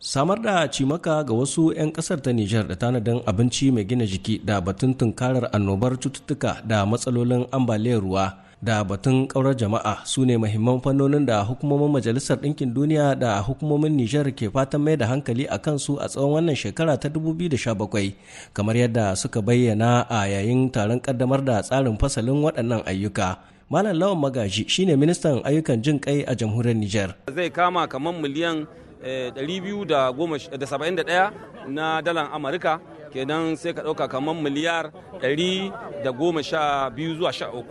samar da cimaka ga wasu 'yan kasar ta Nijar da tanadin abinci mai gina jiki da batun tunkarar annobar cututtuka da matsalolin ambaliyar ruwa da batun kaurar jama'a su ne mahimman fannonin da hukumomin majalisar ɗinkin duniya da hukumomin Nijar ke fatan mai da hankali a kansu a tsawon wannan shekara ta 2017 kamar yadda suka bayyana a yayin taron kaddamar da tsarin fasalin waɗannan ayyuka. Malam Lawan Magaji shine ministan ayyukan jin kai a jamhuriyar Nijar. Zai kama kamar miliyan 271 eh, na dalar amurka kenan sai ka ɗauka kamar miliyar 112 zuwa 13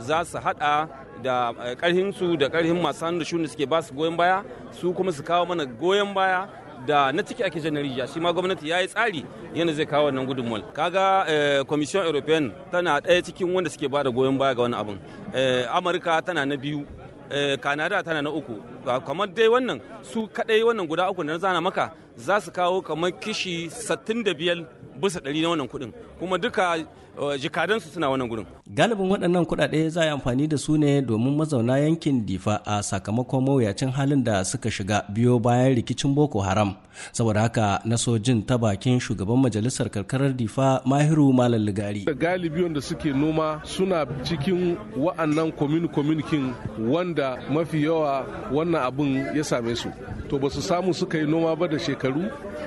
za su hada da eh, ƙarhinsu da ƙarhin masu hannu da shuni suke ba su goyon baya su kuma su kawo mana goyon baya da na ciki ake rijiya shi ma gwamnati ya yi tsari yana zai kawo wannan gudunmuwar kaga eh, commission european tana ɗaya cikin wanda suke ba da goyon baya ga wani abin amurka tana na biyu kanada tana na uku kamar dai wannan su kadai wannan guda uku na zana maka za su kawo kamar kishi 65 bisa ɗari na wannan kuɗin kuma duka eh, jikadansu suna wannan gurin. Galibin waɗannan kuɗaɗe za a yi amfani da su ne domin mazauna yankin Difa a sakamakon mawuyacin halin da suka shiga biyo bayan rikicin Boko Haram. Saboda haka na so jin ta bakin shugaban majalisar karkarar Difa Mahiru Malam Ligari. Galibi wanda suke noma suna cikin wa'annan kwamin wanda mafi yawa wannan abun ya same su. to ba su samu suka yi noma ba da shekaru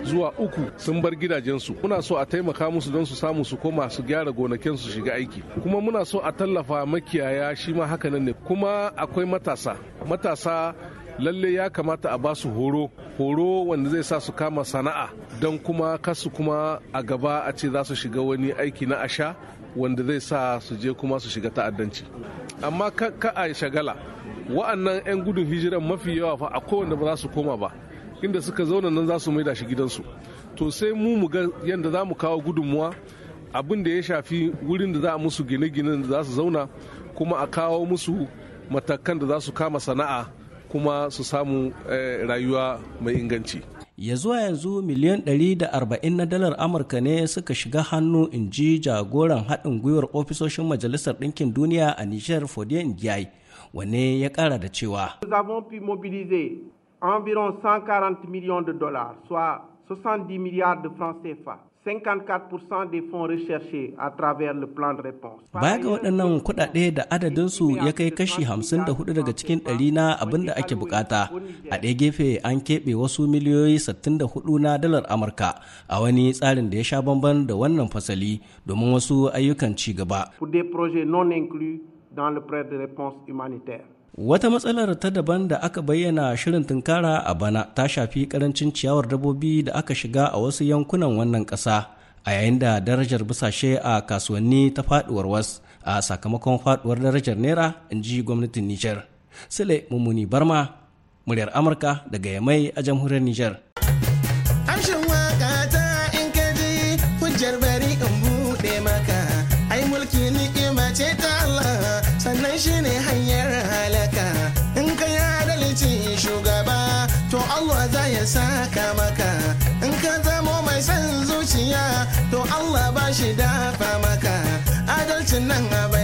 zuwa uku sun bar gidajensu muna so a taimaka musu don su samu su koma su gyara gonakin su shiga aiki kuma muna so a tallafa makiyaya shi ma haka nan ne kuma akwai matasa matasa lalle ya kamata a basu horo horo wanda zai sa su kama sana'a don kuma kasu kuma a gaba a ce za su shiga wani aiki na asha wanda zai sa su je kuma su shiga ta'addanci amma ka a shagala wa'annan 'yan gudun hijiran mafi yawa fa a kowanne ba za su koma ba inda suka zauna nan za su maida shi gidansu to sai mu mu ga yadda za mu kawo gudunmuwa abin da ya shafi wurin da za a musu gine-ginen da za su zauna kuma a kawo musu matakan da za su kama sana'a kuma su samu eh, rayuwa mai inganci ya zuwa yanzu miliyan 140 na dalar amurka ne suka shiga hannu in ji jagoran haɗin gwiwar ofisoshin majalisar ɗinkin duniya a nijar fodiyan giyai wane ya ƙara da cewa nous mobilize pu mobiliser environ 140 millions de dollars soit 70 milliards de francs CFA Baya ga waɗannan kuɗaɗe da adadinsu ya kai kashi 54 daga cikin ɗari na abin da ake bukata. A ɗaya gefe an keɓe wasu miliyoyi 64 na dalar Amurka a wani tsarin da ya sha bamban da wannan fasali domin wasu ayyukan ci gaba. Pour des projets non inclus dans le prêt de réponse humanitaire. Wata matsalar ta daban da aka bayyana shirin tunkara a bana ta shafi karancin ciyawar dabobi da aka shiga a wasu yankunan wannan ƙasa a yayin da darajar bisashe a kasuwanni ta faduwar was a sakamakon faduwar darajar naira in ji gwamnatin Nijar. Sule Mummuni Barma, muryar Amurka daga Yamai a jamhuriyar Nijar. mulki ni'ima ce ta Allah sannan shi ne hanyar. saka maka in ka zamo mai son zuciya to Allah ba shi dafa maka adalcin nan a